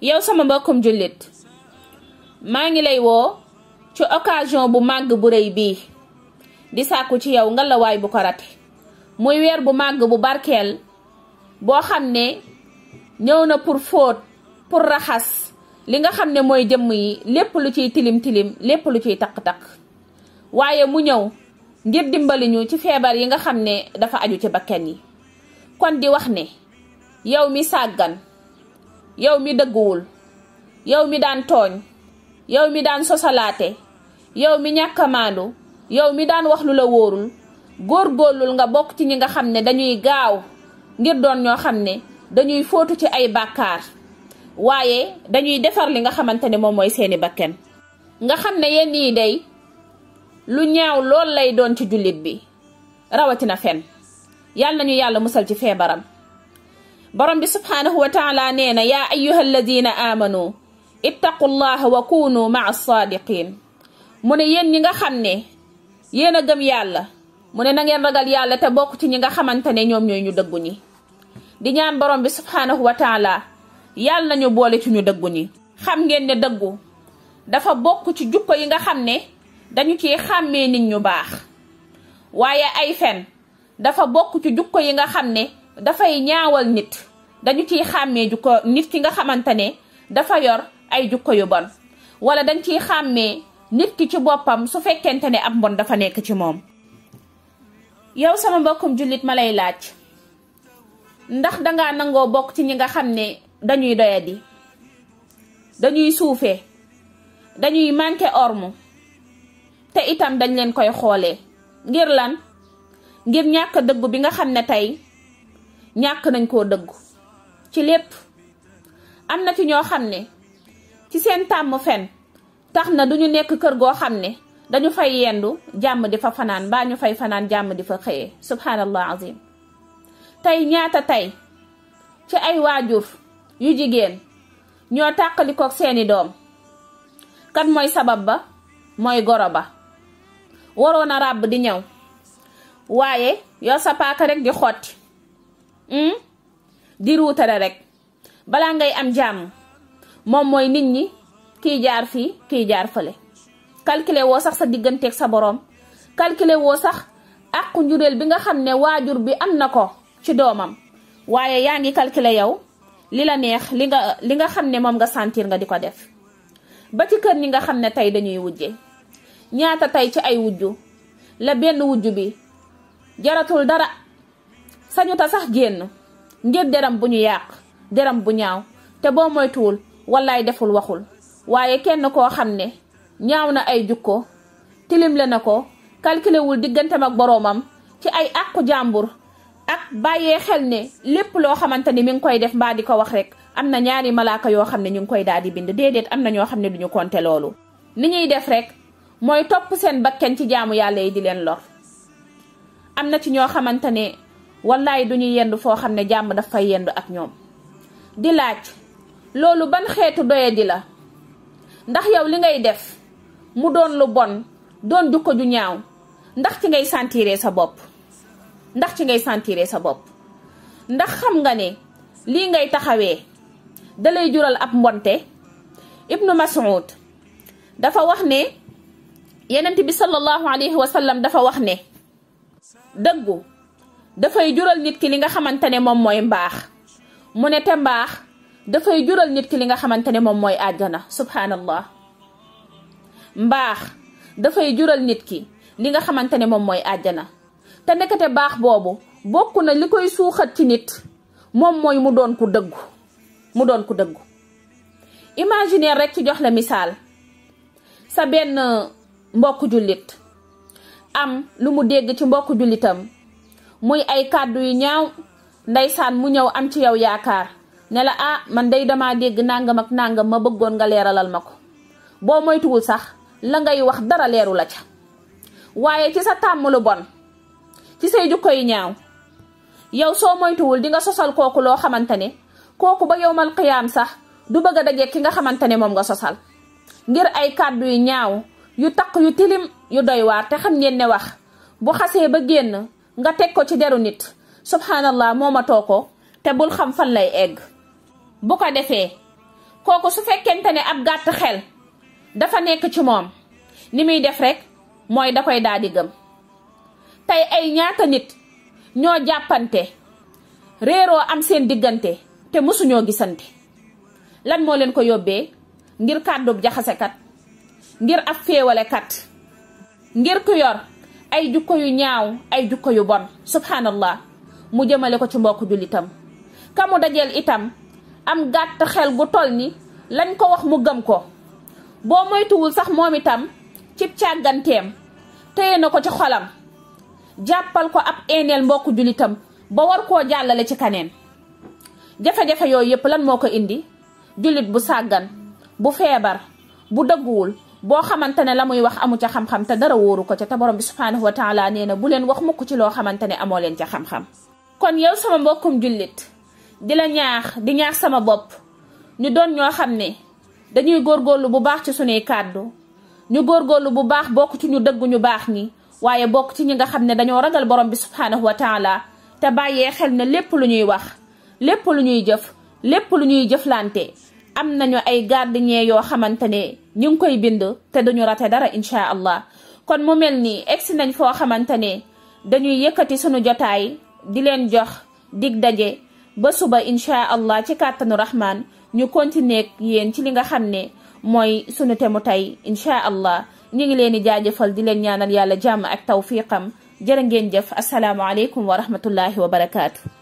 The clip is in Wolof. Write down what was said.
yaw sama mbokkum jullit maa ngi lay woo ci occasion bu màgg bu rëy bii di sàkku ci yow ngalawaay bu ko rate muy weer bu màgg bu barkeel boo xam ne ñëw na pour fóot pour raxas li nga xam ne mooy jëmm yi lépp lu ciy tilim-tilim lépp lu ciy takk-takk waaye mu ñëw ngir dimbali ñu ci feebar yi nga xam ne dafa aju ci bakken yi kon di wax ne yow mi sàggan yow mi dëgguwul yow mi daan tooñ yow mi daan sosalaate yow mi ñàkk a yow mi daan wax lu la wóorul góor góorlul nga bokk ci ñi nga xam ne dañuy gaaw ngir doon ñoo xam ne dañuy fóotu ci ay bàkkaar waaye dañuy defar li nga xamante ne moom mooy seeni bakken nga xam ne yenn yi dey lu ñaaw lool lay doon ci jullit bi rawatina fen yàlla nañu yàlla musal ci feebaram borom bi subhaanahu wa taala nee na yaa ayyuha alladina aamanu ittaqullaha wa kunu maa saadiqin mu ne yéen ñi nga xam ne yéen a gëm yàlla mu ne na ngeen ragal yàlla te bokk ci ñi nga xamante ne ñoom ñooy ñu dëggu ñi di ñaan borom bi subhaanahu wa taala yàlla nañu boole ci ñu dëggu ñi xam ngeen ne dëggu dafa bokk ci jukko yi nga xam ne dañu ci xàmmee nit ñu baax waaye ay fen dafa bokk ci jukko yi nga xam ne dafay ñaawal nit dañu ciy xàmmee jukko nit ki nga xamante ne dafa yor ay jukko yu bon wala dañ ciy xàmmee nit ki ci boppam su fekkente ne ab mbon dafa nekk ci moom yow sama mbokkum jullit ma lay laaj ndax dangaa nangoo bokk ci ñi nga xam ne dañuy doyadi dañuy suufee dañuy manqué ormu te itam dañ leen koy xoolee ngir lan ngir ñàkk dëggu bi nga xam ne tey ñàkk nañ koo dëggu ci lépp am na ci ñoo xam ne ci seen tàmm fen tax na du ñu nekk kër goo xam ne dañu fay yendu jàmm di fa fanaan mbaa ñu fay fanaan jàmm di fa xëyee subhanallah azim tey ñaata tey ci ay waajur yu jigéen ñoo tàqalikook seeni doom kat mooy sabab ba mooy goro ba waroon a ràbb di ñaw waaye yow sa paaka rek di xotti Hmm? di ruutale rek balaa ngay am jàmm moom mooy nit ñi kii jaar fii kii jaar fële calculer woo sax sa digganteeg sa boroom calculer woo sax àqu njureel bi nga xam ne waajur bi am na ko ci doomam waaye yaa ngi calculer yow li la neex li nga li nga xam ne moom nga santiir nga di ko def ba ci kër ñi nga xam ne tey dañuy wujje ñaata tey ci ay wujju la benn wujju bi jaratul dara ta sax génn ngir deram bu ñu yàq deram bu ñaaw te boo moytuwul wallaay deful waxul waaye kenn koo xam ne ñaaw na ay jukko tilimle na ko calculewul digganteem ak boroomam ci ay àqu jàmbur ak bàyyee xel ne lépp loo xamante ni mi ngi koy def mbaa di ko wax rek am na ñaari malaaka yoo xam ne ñu ngi koy daal di bind déedéet am na ñoo xam ne duñu konte loolu ni ñuy def rek mooy topp seen bakken ci jaamu yàlla yi di leen lor am na ci ñoo xamante ne wallaay du ñuy yend foo xam ne jàmm daf koy yend ak ñoom di laaj loolu ban xeetu doyadi la ndax yow li ngay def mu doon lu bon doon jukko ju ñaaw ndax ci ngay sentiré sa bopp ndax ci ngay sentiré sa bopp ndax xam nga ne lii ngay taxawee dalay jural ab mbonte ibnu Mas'ud dafa wax ne yenent bi sallallahu alayhi wa sallam dafa wax ne dëggu dafay jural nit ki li nga xamante ne moom mooy mbaax mu ne te mbaax dafay jural nit ki li nga xamante ne moom mooy àjjana subhaanallah mbaax dafay jural nit ki li nga xamante ne moom mooy àjjana te ndekete baax boobu bokk na li koy suuxat ci nit moom mooy mu doon ku dëggu mu doon ku dëggu imaginer rek ci jox la misaal sa benn mbokk jullit am lu mu dégg ci mbokk jullitam muy ay kàddu yu ñaaw ndeysaan mu ñëw am ci yow yaakaar ne la ah man day damaa dégg nangam ak nangam ma bëggoon nga leeralal ma ko boo moytuwul sax la ngay wax dara leeru la ca waaye ci sa tàmm lu bon ci sey jukko yu ñaaw yow soo moytuwul di nga sosal kooku loo xamante ne kooku ba yowmal qiyaam sax du bëgg a daje ki nga xamante ne moom nga sosal ngir ay kàddu yu ñaaw yu taq yu tilim yu doy waar te xam ngeen ne wax bu xasee ba génn nga teg ko ci deru nit subhanallah moomatoo ko te bul xam fan lay egg bu ko defee kooku su fekkente ne ab gàtt xel dafa nekk ci moom ni muy def rekk mooy da koy daal di gëm tey ay ñaata nit ñoo jàppante réeroo am seen diggante te mësuñoo gisante lan moo leen ko yóbbee ngir kàddub jaxasekat ngir ab kat ngir ku yor ay jukko yu ñaaw ay jukko yu bon subhanallah mu jëmale ko ci mbokk jullitam kamu mu dajeel itam am gàtt xel gu toll ni lañ ko wax mu gëm ko boo moytuwul sax moom itam cib càgganteem téye na ko ci xolam jàppal ko ab eeneel mbokk jullitam ba war koo jàllale ci kaneen jafe-jafe yooyu yépp lan moo ko indi jullit bu sàggan bu feebar bu dëgguwul boo xamante ne la muy wax amu ca xam-xam te dara wóoru ko ca te borom bi subhaanahu wa taala nee na bu leen wax mukk ci loo xamante ne amoo leen ca xam-xam kon yow sama mbokkum jullit di la ñaax di ñaax sama bopp ñu doon ñoo xam ne dañuy góor góorlu bu baax ci sunuy kàddu ñu góor góorgóorlu bu baax bokk ci ñu dëgg ñu baax ni waaye bokk ci ñi nga xam ne dañoo ragal borom bi subhaanahu wa taala te bàyyee xel ne lépp lu ñuy wax lépp lu ñuy jëf lépp lu ñuy jëflante am nañu ay gardien yoo xamante ne ñu ngi koy bind te duñu rate dara incha allah kon mu mel ni egsi nañ foo xamante ne dañuy yëkkati suñu jotaay di leen jox dig daje ba suba incha allah ci kàttanu raxmaan ñu continuer yéen ci li nga xam ne mooy sunu temu tey incha allah ñu ngi leen di jaajëfal di leen ñaanal yàlla jàmm ak tawfiqam jërë ngeen jëf asalaamualeykum wa rahmatullahi wa barakaatu.